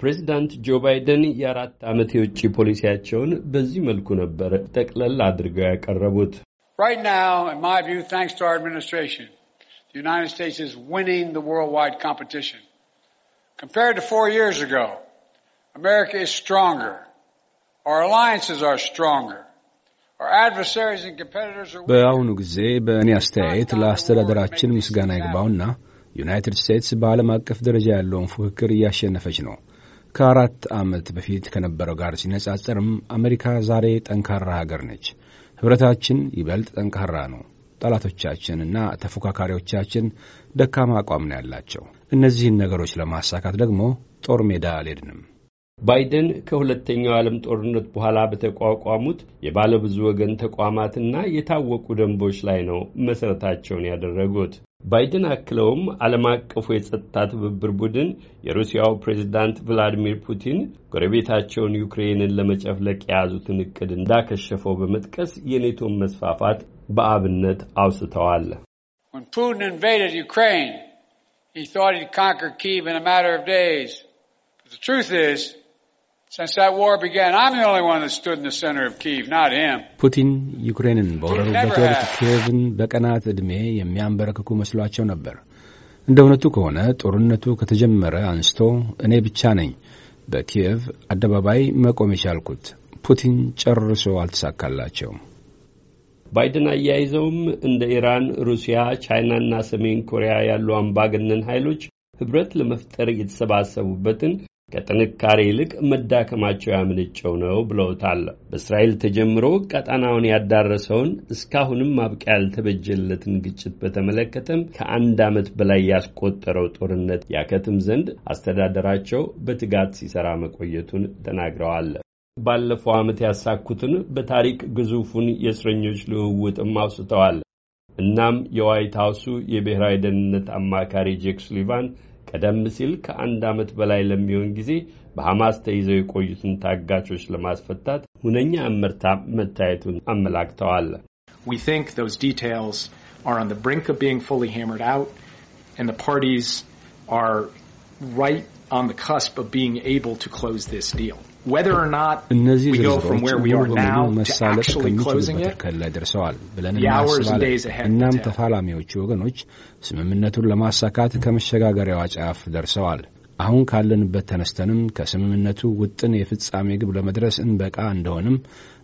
ፕሬዚዳንት ጆ ባይደን የአራት ዓመት የውጭ ፖሊሲያቸውን በዚህ መልኩ ነበር ጠቅለል አድርገው ያቀረቡት። በአሁኑ ጊዜ በእኔ አስተያየት ለአስተዳደራችን ምስጋና ይግባውና ዩናይትድ ስቴትስ በዓለም አቀፍ ደረጃ ያለውን ፉክክር እያሸነፈች ነው። ከአራት ዓመት በፊት ከነበረው ጋር ሲነጻጸርም አሜሪካ ዛሬ ጠንካራ ሀገር ነች። ኅብረታችን ይበልጥ ጠንካራ ነው። ጠላቶቻችንና ተፎካካሪዎቻችን ደካማ አቋም ነው ያላቸው። እነዚህን ነገሮች ለማሳካት ደግሞ ጦር ሜዳ አልሄድንም። ባይደን ከሁለተኛው ዓለም ጦርነት በኋላ በተቋቋሙት የባለብዙ ወገን ተቋማትና የታወቁ ደንቦች ላይ ነው መሠረታቸውን ያደረጉት። ባይደን አክለውም ዓለም አቀፉ የጸጥታ ትብብር ቡድን የሩሲያው ፕሬዚዳንት ቭላዲሚር ፑቲን ጎረቤታቸውን ዩክሬንን ለመጨፍለቅ የያዙትን እቅድ እንዳከሸፈው በመጥቀስ የኔቶን መስፋፋት በአብነት አውስተዋል። ፑቲን ፑቲን ዩክሬንን በወረሩበት ወቅት ኪየቭን በቀናት ዕድሜ የሚያንበረክኩ መስሏቸው ነበር። እንደ እውነቱ ከሆነ ጦርነቱ ከተጀመረ አንስቶ እኔ ብቻ ነኝ በኪየቭ አደባባይ መቆም የቻልኩት። ፑቲን ጨርሶ አልተሳካላቸውም። ባይደን አያይዘውም እንደ ኢራን፣ ሩሲያ፣ ቻይናና ሰሜን ኮሪያ ያሉ አምባገነን ኃይሎች ህብረት ለመፍጠር የተሰባሰቡበትን ከጥንካሬ ይልቅ መዳከማቸው ያምንጨው ነው ብለውታል። በእስራኤል ተጀምሮ ቀጣናውን ያዳረሰውን እስካሁንም ማብቂያ ያልተበጀለትን ግጭት በተመለከተም ከአንድ ዓመት በላይ ያስቆጠረው ጦርነት ያከትም ዘንድ አስተዳደራቸው በትጋት ሲሰራ መቆየቱን ተናግረዋል። ባለፈው ዓመት ያሳኩትን በታሪክ ግዙፉን የእስረኞች ልውውጥም አውስተዋል። እናም የዋይት ሀውሱ የብሔራዊ ደህንነት አማካሪ ጄክ ሱሊቫን ቀደም ሲል ከአንድ ዓመት በላይ ለሚሆን ጊዜ በሐማስ ተይዘው የቆዩትን ታጋቾች ለማስፈታት ሁነኛ እምርታ መታየቱን አመላክተዋል። right on the cusp of being able to close this deal. Whether or not we go from where we are now to actually closing it, the hours and days ahead እናም ተፋላሚዎቹ ወገኖች ስምምነቱን ለማሳካት ከመሸጋገሪያዋ ጫፍ ደርሰዋል። አሁን ካለንበት ተነስተንም ከስምምነቱ ውጥን የፍጻሜ ግብ ለመድረስ እንበቃ እንደሆንም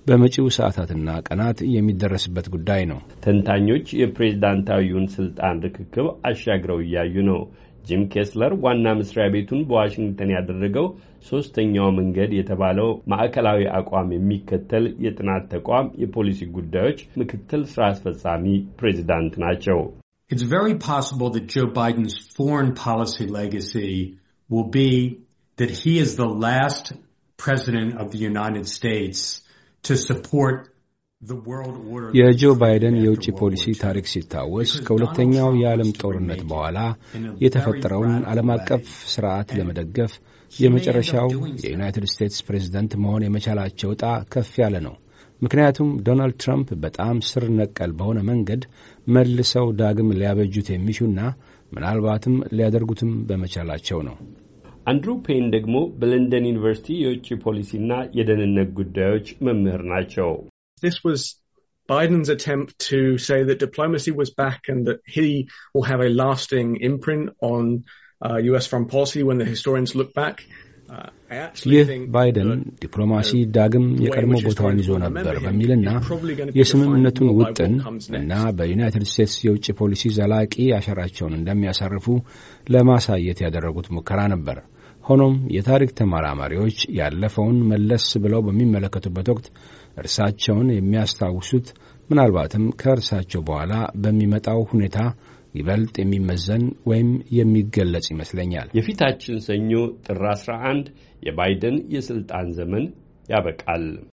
በመጪው ሰዓታትና ቀናት የሚደረስበት ጉዳይ ነው። ተንታኞች የፕሬዝዳንታዊውን ስልጣን ርክክብ አሻግረው እያዩ ነው። ጂም ኬስለር ዋና መስሪያ ቤቱን በዋሽንግተን ያደረገው ሶስተኛው መንገድ የተባለው ማዕከላዊ አቋም የሚከተል የጥናት ተቋም የፖሊሲ ጉዳዮች ምክትል ስራ አስፈጻሚ ፕሬዚዳንት ናቸው። It's very possible that Joe Biden's foreign policy legacy will be that he is the last president of the United States to support የጆ ባይደን የውጭ ፖሊሲ ታሪክ ሲታወስ ከሁለተኛው የዓለም ጦርነት በኋላ የተፈጠረውን ዓለም አቀፍ ስርዓት ለመደገፍ የመጨረሻው የዩናይትድ ስቴትስ ፕሬዝደንት መሆን የመቻላቸው ዕጣ ከፍ ያለ ነው። ምክንያቱም ዶናልድ ትራምፕ በጣም ስር ነቀል በሆነ መንገድ መልሰው ዳግም ሊያበጁት የሚሹና ምናልባትም ሊያደርጉትም በመቻላቸው ነው። አንድሩ ፔን ደግሞ በለንደን ዩኒቨርሲቲ የውጭ ፖሊሲና የደህንነት ጉዳዮች መምህር ናቸው። This was Biden's attempt to say that diplomacy was back and that he will have a lasting imprint on uh, U.S. foreign policy when the historians look back. Uh, ይህ ባይደን ዲፕሎማሲ ዳግም የቀድሞ ቦታዋን ይዞ ነበር በሚልና የስምምነቱን ውጥን እና በዩናይትድ ስቴትስ የውጭ ፖሊሲ ዘላቂ አሻራቸውን እንደሚያሳርፉ ለማሳየት ያደረጉት ሙከራ ነበር። ሆኖም የታሪክ ተመራማሪዎች ያለፈውን መለስ ብለው በሚመለከቱበት ወቅት እርሳቸውን የሚያስታውሱት ምናልባትም ከእርሳቸው በኋላ በሚመጣው ሁኔታ ይበልጥ የሚመዘን ወይም የሚገለጽ ይመስለኛል። የፊታችን ሰኞ ጥር 11 የባይደን የሥልጣን ዘመን ያበቃል።